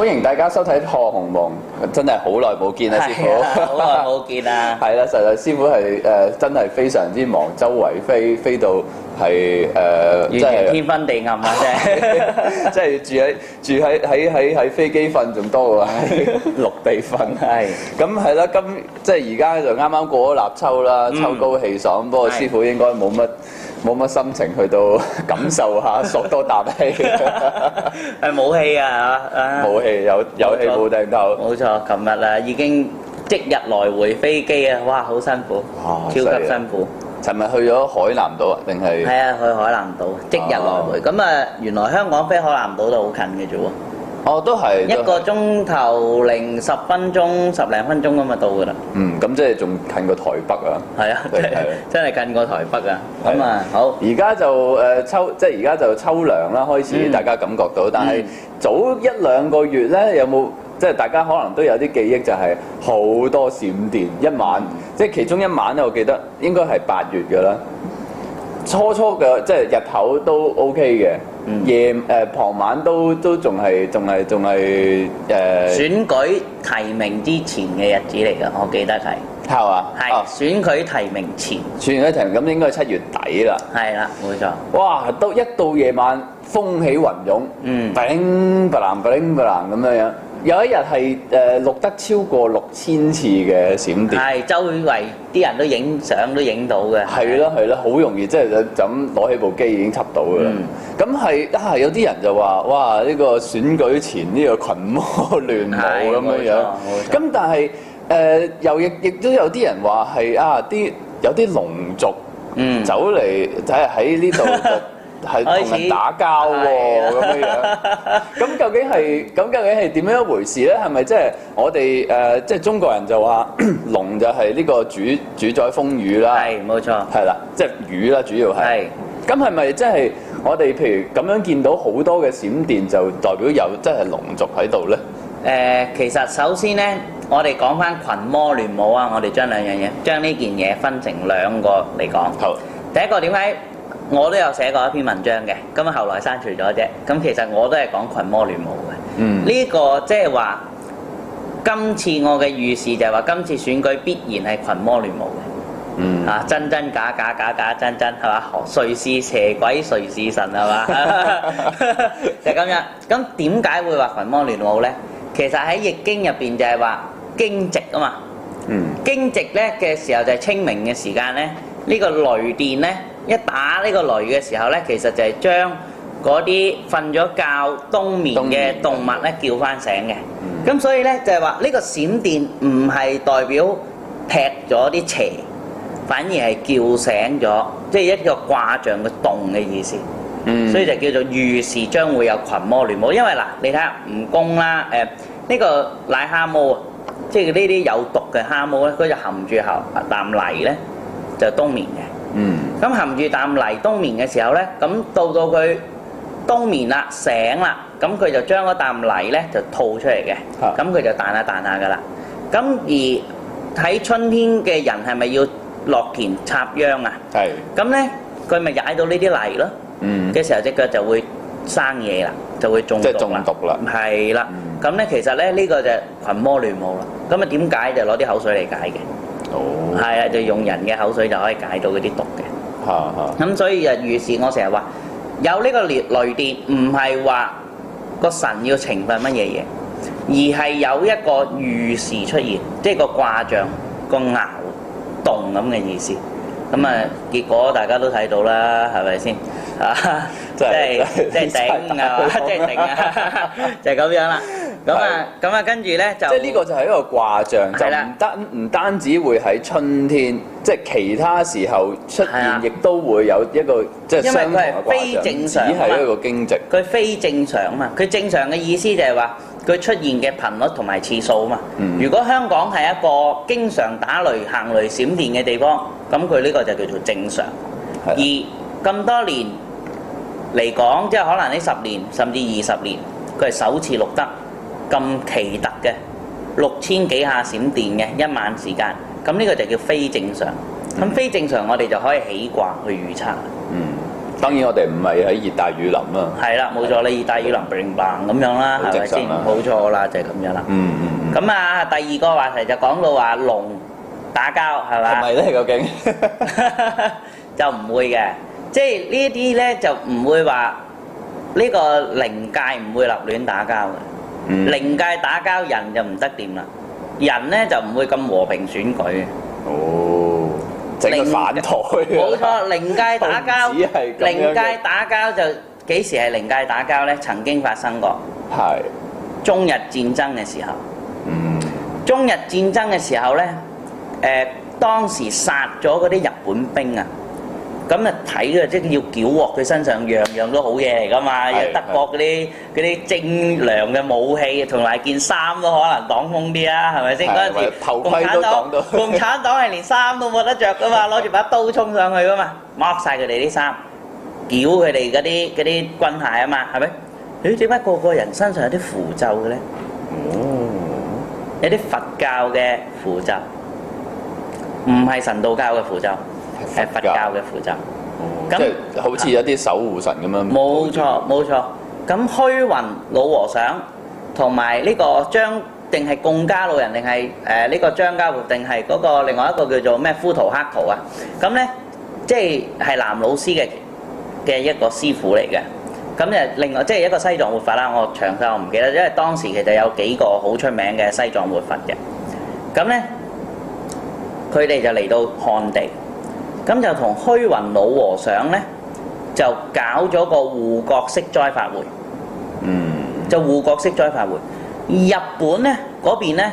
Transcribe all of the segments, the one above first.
歡迎大家收睇《破鴻蒙》，真係好耐冇見啦，啊、師傅父。好耐冇見啦。係啦、啊，實際師傅係誒，真係非常之忙，周圍飛飛到係誒，呃、完全、就是、天昏地暗啊！即係即係住喺住喺喺喺喺飛機瞓仲多過喺、啊、 陸地瞓。係咁係啦，今即係而家就啱啱過咗立秋啦，秋高氣爽，不過、嗯、師傅是應該冇乜。冇乜心情去到感受下，索多啖氣，係冇氣啊！冇、啊、氣有有氣冇定頭。冇錯錯，琴日啊已經即日來回飛機啊，哇！好辛苦，哇超級辛苦。琴日、啊、去咗海南島啊？定係？係啊，去海南島即日來回。咁啊、哦，原來香港飛海南島都好近嘅啫喎。哦，都係一個鐘頭零十分鐘，十零分鐘咁啊，到噶啦。嗯，咁即係仲近過台北啊。係啊，啊啊真係近過台北啊。好嘛、啊啊，好。而家就誒秋、呃，即係而家就秋涼啦，開始大家感覺到。但係早一兩個月咧，有冇即係大家可能都有啲記憶，就係好多閃電一晚，即係其中一晚咧，我記得應該係八月噶啦。初初嘅即係日頭都 OK 嘅。夜，誒傍晚都都仲係仲係仲係誒。選舉提名之前嘅日子嚟㗎，我記得係。係嘛？係。選舉提名前。選舉提名，咁應該係七月底啦。係啦，冇錯。哇！都一到夜晚風起雲湧，嗯，噉樣。有一日係誒錄得超過六千次嘅閃電，係周圍啲人都影相都影到嘅。係咯係咯，好的容易即係就咁、是、攞起部機已經測到噶啦。咁係、嗯、啊，係有啲人就話哇呢、呢個選舉前呢個群魔亂舞咁樣樣。咁但係誒又亦亦都有啲人話係啊啲有啲龍族走嚟就係喺呢度。 係同人打交喎咁嘅樣，咁是的 究竟係咁，究竟係點樣一回事咧？係咪、呃、即係我哋誒即係中國人就話龍就係呢個主主宰風雨啦？係冇錯，係啦，即係雨啦主要係。係咁係咪即係我哋譬如咁樣見到好多嘅閃電就代表有即係龍族喺度咧？誒、呃，其實首先咧，我哋講翻群魔亂舞啊！我哋將兩樣嘢將呢件嘢分成兩個嚟講。好，第一個點解？我都有寫過一篇文章嘅，咁啊後來刪除咗啫。咁其實我都係講群魔亂舞嘅。嗯。呢個即係話，今次我嘅預示就係話，今次選舉必然係群魔亂舞嘅。嗯。啊，真真假假，假，假，假假真真，係嘛？誰是邪鬼，誰是神，係嘛？ 就咁樣。咁點解會話群魔亂舞咧？其實喺易經入邊就係話，驚蟄啊嘛。嗯。驚蟄咧嘅時候就係清明嘅時間咧，呢、呢個雷電咧。一打呢個雷嘅時候咧，其實就係將嗰啲瞓咗覺冬眠嘅動物咧叫翻醒嘅。咁所以咧就係話呢個閃電唔係代表劈咗啲邪，反而係叫醒咗，即係一個卦象嘅動嘅意思。嗯。所以就叫做預示將會有群魔亂舞。因為嗱，你睇下蜈蚣啦，誒呢個瀨蝦毛啊，即係呢啲有毒嘅蝦毛咧，佢就含住喉啖泥咧就冬眠嘅。咁含住啖泥冬眠嘅時候咧，咁到到佢冬眠啦醒啦，咁佢就將嗰啖泥咧就吐出嚟嘅，咁佢就彈下彈下噶啦。咁而喺春天嘅人係咪要落田插秧啊？係。咁咧佢咪踩到呢啲泥咯，嘅時候隻腳就會生嘢啦，就會中即係中毒啦。係啦，咁咧其實咧呢個就係群魔亂舞啦。咁啊點解就攞啲口水嚟解嘅？哦，係啊，就用人嘅口水就可以解到嗰啲毒嘅。嚇嚇！咁、啊啊嗯、所以啊，預示我成日話有呢個雷雷電，唔係話個神要懲罰乜嘢嘢，而係有一個預示出現，即係個卦象、嗯、個爻動咁嘅意思。咁、嗯、啊，嗯、結果大家都睇到啦，係咪先？啊，即係即係頂啊！即係頂啊！就係咁樣啦。咁啊，咁啊、嗯，跟住咧就即係呢個就係一個卦象，的就唔單唔單止會喺春天，即係其他時候出現，亦的都會有一個即係相關嘅卦象。只係一個驚值。佢非正常啊嘛！佢正常嘅意思就係話佢出現嘅頻率同埋次數啊嘛。嗯、如果香港係一個經常打雷、行雷、閃電嘅地方，咁佢呢個就叫做正常。的而咁多年嚟講，即係可能呢十年甚至二十年，佢係首次錄得。 咁奇特嘅六千幾下閃電嘅一晚時間，咁呢個就叫非正常。咁、嗯、非正常我哋就可以起卦去預測。嗯，當然我哋唔係喺熱帶雨林啊。係啦，冇錯，你的熱帶雨林唪唪咁樣啦，係咪先？冇吧錯啦，嗯、就係咁樣啦、嗯。嗯，咁啊，第二個話題就講到話龍打交係咪？係啦，究竟 就唔會嘅，即、就、係、是、呢啲咧就唔會話呢個靈界唔會立亂打交嘅。靈界打交，人就唔得掂啦，人呢，就唔會咁和平選舉。哦，整個反台，冇錯，靈界打交，靈界打交就幾時係靈界打交呢？曾經發生過。係是。中日戰爭嘅時候。嗯、中日戰爭嘅時候呢，誒、呃、當時殺咗嗰啲日本兵啊！咁啊睇佢，即係要繳獲佢身上樣樣都好嘢嚟噶嘛，有德國嗰啲嗰啲精良嘅武器，同埋件衫都可能擋風啲啊，係咪先嗰陣時？頭盔都擋到。共產黨係連衫都冇得着噶嘛，攞住把刀衝上去噶嘛，剝晒佢哋啲衫，繳佢哋嗰啲嗰啲軍鞋啊嘛，係咪？誒，點解個個人身上有啲符咒嘅咧？嗯、有啲佛教嘅符咒，唔係神道教嘅符咒。係佛教嘅負責，咁、嗯、那好似有啲守護神咁樣。冇錯冇錯，咁虛雲老和尚同埋呢個張定係共家老人，定係誒呢個張家活定係嗰個另外一個叫做咩呼圖克圖啊？咁咧，即係係南老師嘅嘅一個師傅嚟嘅。咁誒，另外即係、就是、一個西藏活佛啦。我詳細我唔記得，因為當時其實有幾個好出名嘅西藏活佛嘅。咁咧，佢哋就嚟到漢地。咁就同虛雲老和尚呢，就搞咗個護國息災法會，嗯，就護國息災法會。日本呢嗰邊呢，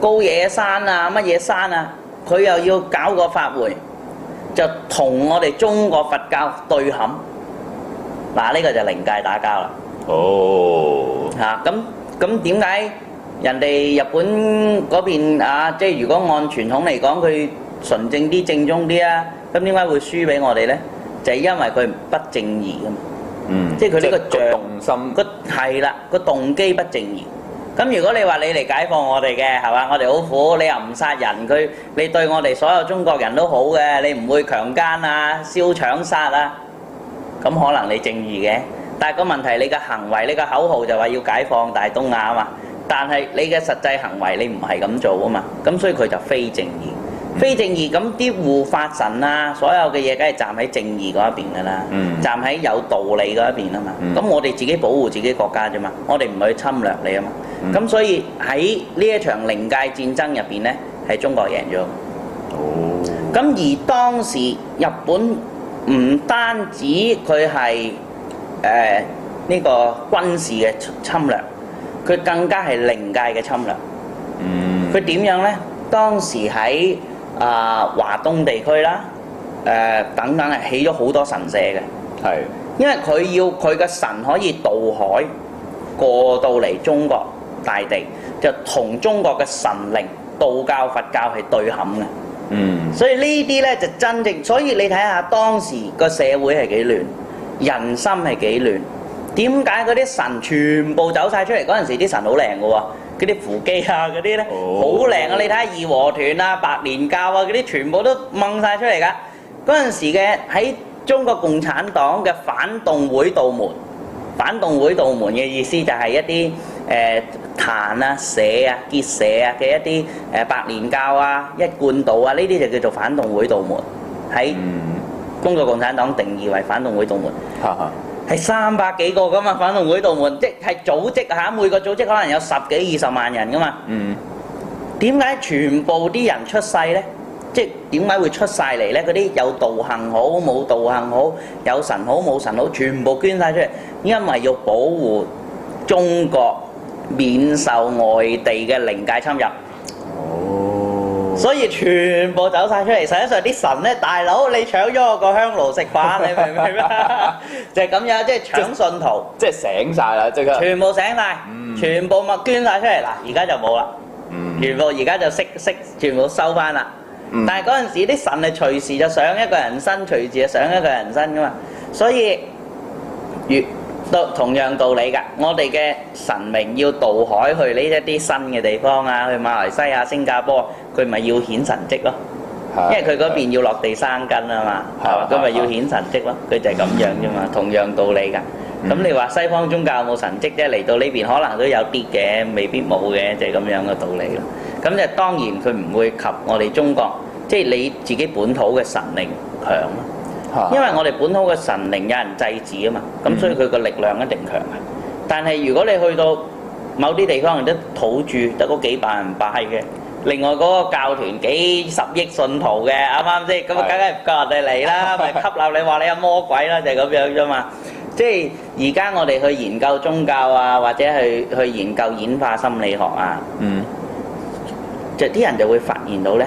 高野山啊乜嘢山啊，佢又要搞個法會，就同我哋中國佛教對撼，嗱呢個就靈界打交啦。哦，嚇咁咁點解人哋日本嗰邊啊？即係如果按傳統嚟講，佢純正啲、正宗啲啊！咁點解會輸俾我哋呢？就係因為佢不正義啊嘛，即係佢呢個重心，佢係啦，個動機不正義。咁如果你話你嚟解放我哋嘅係嘛，我哋好苦，你又唔殺人，佢你對我哋所有中國人都好嘅，你唔會強姦啊、燒搶殺啊，咁可能你正義嘅。但係個問題，你嘅行為、你嘅口號就話要解放大東亞啊嘛，但係你嘅實際行為你唔係咁做啊嘛，咁所以佢就非正義。非正義咁啲護法神啊，所有嘅嘢，梗係站喺正義嗰一邊噶啦，嗯、站喺有道理嗰一邊啊嘛。咁、嗯、我哋自己保護自己國家啫嘛，我哋唔去侵略你啊嘛。咁、嗯、所以喺呢一場靈界戰爭入邊呢，係中國贏咗。哦，咁而當時日本唔單止佢係誒呢個軍事嘅侵略，佢更加係靈界嘅侵略。嗯，佢點樣呢？當時喺啊、呃，華東地區啦，誒、呃、等等係起咗好多神社嘅。係的，因為佢要佢嘅神可以渡海過到嚟中國大地，就同中國嘅神靈、道教、佛教係對冚嘅，嗯，所以呢啲咧就真正，所以你睇下當時個社會係幾亂，人心係幾亂，點解嗰啲神全部走晒出嚟嗰陣時、啊，啲神好靚嘅喎？嗰啲扶乩啊，嗰啲咧，oh. 好靚啊！你睇下義和團啊、白蓮教啊，嗰啲全部都掹晒出嚟噶。嗰陣時嘅喺中國共產黨嘅反動會道門，反動會道門嘅意思就係一啲誒、呃、壇啊、社啊、結社啊嘅一啲誒白蓮教啊、一貫道啊，呢啲就叫做反動會道門。喺中國共產黨定義為反動會道門。嚇嚇。係三百幾個噶嘛，反動會道門即係組織吓，每個組織可能有十幾二十萬人噶嘛。嗯。點解全部啲人出世呢？即係點解會出晒嚟呢？嗰啲有道行好，冇道行好，有神好，冇神好，全部捐晒出嚟，因為要保護中國免受外地嘅靈界侵入。所以全部走晒出嚟，實際上啲神咧，大佬你搶咗我個香爐食飯，你明唔明啊？ 就係咁樣，即係搶信徒，即係醒晒啦，即刻全部醒晒，嗯、全部物捐晒出嚟，嗱而家就冇啦，嗯、全部而家就識識，全部收翻啦。嗯、但係嗰陣時啲神係隨時就上一個人身，隨時就上一個人身噶嘛，所以越。同同樣道理㗎，我哋嘅神明要渡海去呢一啲新嘅地方啊，去馬來西亞、新加坡，佢咪要顯神蹟咯？因為佢嗰邊要落地生根啊嘛，咁咪、啊、要顯神蹟咯？佢就係咁樣啫嘛，同樣道理㗎。咁你話西方宗教冇神蹟啫，嚟到呢邊可能都有啲嘅，未必冇嘅，就係、是、咁樣嘅道理咯。咁就當然佢唔會及我哋中國，即、就、係、是、你自己本土嘅神明強。因為我哋本土嘅神靈有人祭祀啊嘛，咁所以佢個力量一定強嘅。但係如果你去到某啲地方，人都土著得嗰幾百人拜嘅，另外嗰個教團幾十億信徒嘅，啱唔啱先？咁啊，梗係唔夠人哋嚟啦，咪 吸納你話你係魔鬼啦，就係、是、咁樣啫嘛。即係而家我哋去研究宗教啊，或者去去研究演化心理學啊，嗯，就啲人就會發現到咧。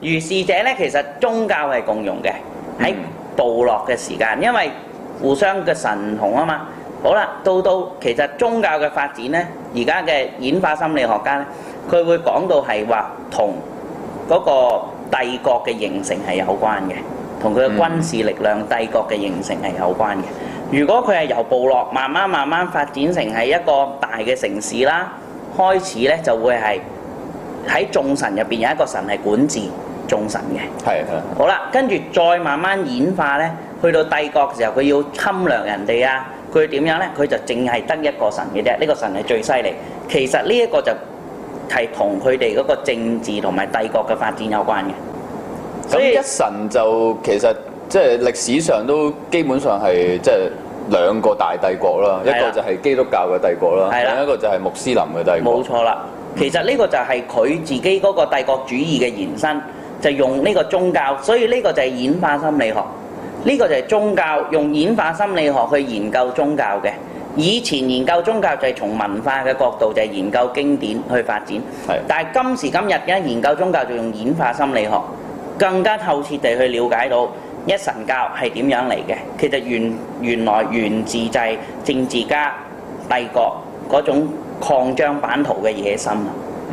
如是者咧，其實宗教係共用嘅，喺部、嗯、落嘅時間，因為互相嘅神唔同啊嘛。好啦，到到其實宗教嘅發展呢，而家嘅演化心理學家咧，佢會講到係話同嗰個帝國嘅形成係有關嘅，同佢嘅軍事力量、嗯、帝國嘅形成係有關嘅。如果佢係由部落慢慢慢慢發展成係一個大嘅城市啦，開始呢就會係喺眾神入邊有一個神係管治。眾神嘅，係係啦。好啦，跟住再慢慢演化咧，去到帝國嘅時候，佢要侵略人哋啊，佢點樣咧？佢就淨係得一個神嘅啫，呢個神係最犀利。其實呢一個就係同佢哋嗰個政治同埋帝國嘅發展有關嘅。所以一神就其實即係歷史上都基本上係即係兩個大帝國啦，係一個就係基督教嘅帝國啦，係另一個就係穆斯林嘅帝國。冇錯啦，其實呢個就係佢自己嗰個帝國主義嘅延伸。就用呢個宗教，所以呢個就係演化心理學。呢個就係宗教用演化心理學去研究宗教嘅。以前研究宗教就係從文化嘅角度，就係研究經典去發展。係。但係今時今日，一研究宗教就用演化心理學，更加透徹地去了解到一神教係點樣嚟嘅。其實原原來源自就係政治家帝國嗰種擴張版圖嘅野心。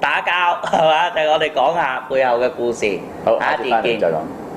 打交係嘛？就係、我哋講下背後嘅故事。好，下次翻嚟再講。